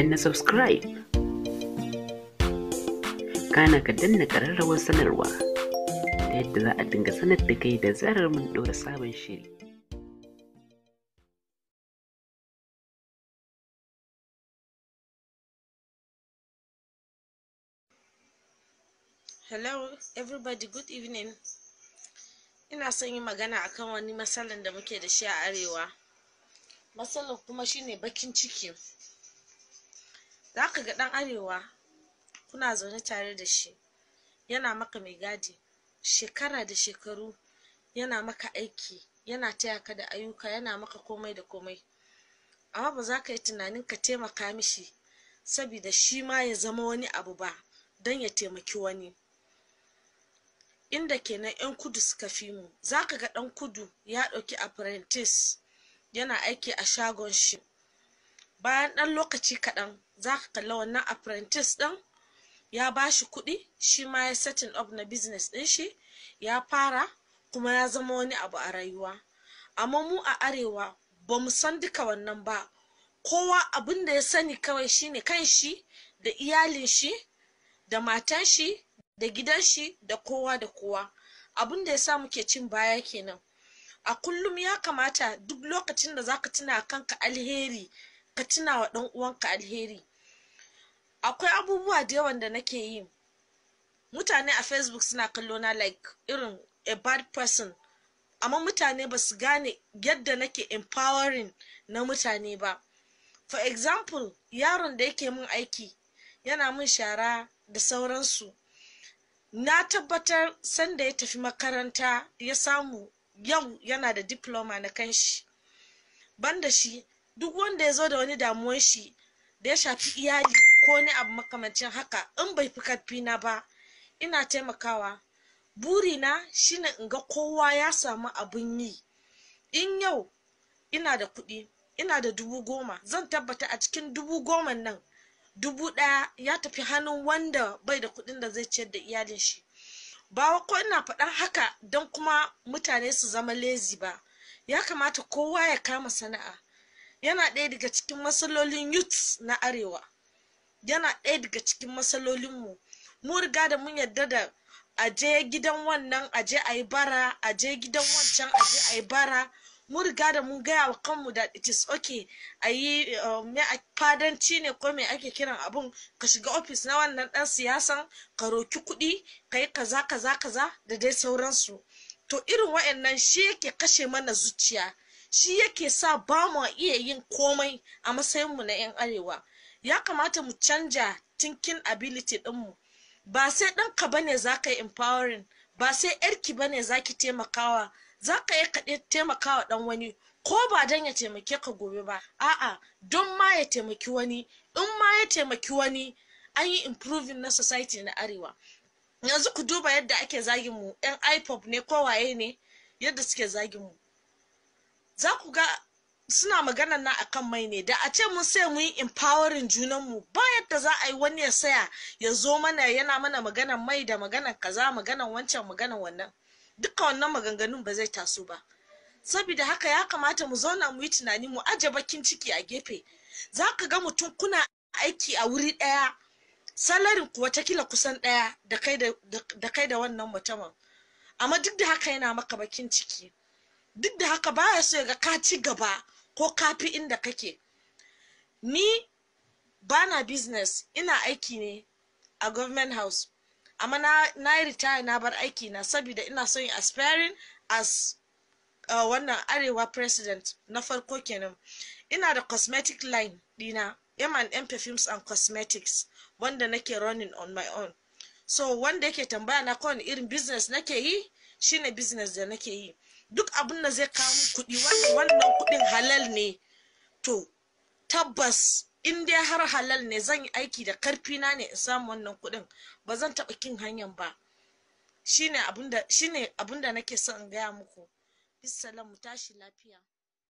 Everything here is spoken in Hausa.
danna subscribe kana ka danna ƙararrawar sanarwa ta yadda za a dinga sanar da kai da zarar mun ɗora sabon shiri hello everybody good evening ina son yi magana akan wani matsalan da muke da shi a arewa matsalan kuma shine bakin ciki za ka ga ɗan arewa kuna zaune tare da shi yana maka mai gadi shekara da shekaru yana maka aiki yana taya ka da ayyuka yana maka komai da komai amma ba za ka yi tunanin ka taimaka mishi sabida shi ma ya zama wani abu ba don ya taimaki wani inda kenan 'yan kudu suka fi mu za ka ga ɗan kudu ya ɗauki apprentice yana aiki a shagon shi bayan ɗan lokaci kaɗan za ka kalla wannan apprentice ɗin ya ba shi kuɗi shi ma ya setting up na business ɗin shi ya fara kuma ya zama wani abu a rayuwa amma mu a arewa ba mu san duka wannan ba kowa abin da ya sani kawai shine kan shi da iyalin shi da matan shi da gidan shi da kowa da kowa abin da ya sa muke cin baya kenan a kullum ya kamata duk lokacin da zaka tuna kanka alheri ka tuna wa ɗan uwanka alheri akwai abubuwa da yawan da nake yi mutane a facebook suna kallo na like irin a bad person amma mutane ba su gane yadda nake empowering na mutane ba for example yaron da yake min aiki yana min shara da sauransu na tabbatar sanda ya tafi makaranta ya samu yau yana da diploma na kanshi da shi duk wanda ya zo da wani damuwan shi da ya shafi iyali ko wani abu makamancin haka in bai fi karfi na ba ina taimakawa burina shine in ga kowa ya samu abun yi in yau ina da kuɗi ina da dubu goma zan tabbata a cikin dubu goma nan dubu ɗaya ya tafi hannun wanda bai da kuɗin da zai ciyar da iyalin shi ba ko ina faɗan haka don kuma mutane su zama lezi ba ya kamata kowa ya kama sana'a yana ɗaya daga cikin matsalolin youths na arewa yana ɗaya daga cikin matsalolinmu mu riga da mun yarda da aje gidan wannan aje a yi bara aje gidan wancan aje a yi bara mu riga da mun gaya wa kanmu da it is okay a yi mai um, fadanci ne ko mai ake kiran abun ka shiga ofis na wannan dan siyasan ka roki kuɗi ka yi kaza kaza kaza da dai sauransu to irin wa'annan shi yake kashe mana zuciya shi yake sa ba mu iya yin komai a matsayin mu na 'yan arewa ya kamata mu canja tinkin ability dinmu. ba sai ɗanka bane za ka yi empowering ba sai yarki bane za ki taimakawa za ka yi kaɗe taimakawa dan wani ko ba dan ya taimake ka gobe ba a'a don ma ya taimaki wani in ma ya taimaki wani an yi improving na society na arewa yanzu ku duba yadda ake zagin mu yan ipop ne ko waye ne yadda suke zagin mu za ku ga suna magana na akan mai ne da a ce mun sai mun yi empowering mu ba yadda za a yi wani ya saya ya zo mana yana mana maganan mai da maganan kaza maganan wancan maganan wannan duka wannan maganganun ba zai taso ba saboda haka ya kamata mu zauna mu yi tunani mu aje bakin ciki a gefe za ka ga mutum kuna aiki a wuri ɗaya salarin kuwa ta kila kusan ɗaya da kai da wannan mutumin amma duk da haka yana maka bakin ciki duk da haka baya so ya ga ka ci gaba ko ka fi inda kake ni bana business ina aiki ne a government house amma na, na yi retire na bar aiki na saboda ina son yin aspiring as uh, wannan arewa president na farko kenan ina da cosmetic line dina M&M perfumes and cosmetics wanda nake running on my own so wanda yake tambaya na kowane irin business nake yi shine business da nake yi duk abin da zai kawo kuɗi wannan kuɗin halal ne to tabbas in dai har halal ne zan yi aiki da karfi na ne in samu wannan kuɗin ba zan taɓa kin hanyar ba shine abin da nake son in gaya muku bisalam mu tashi lafiya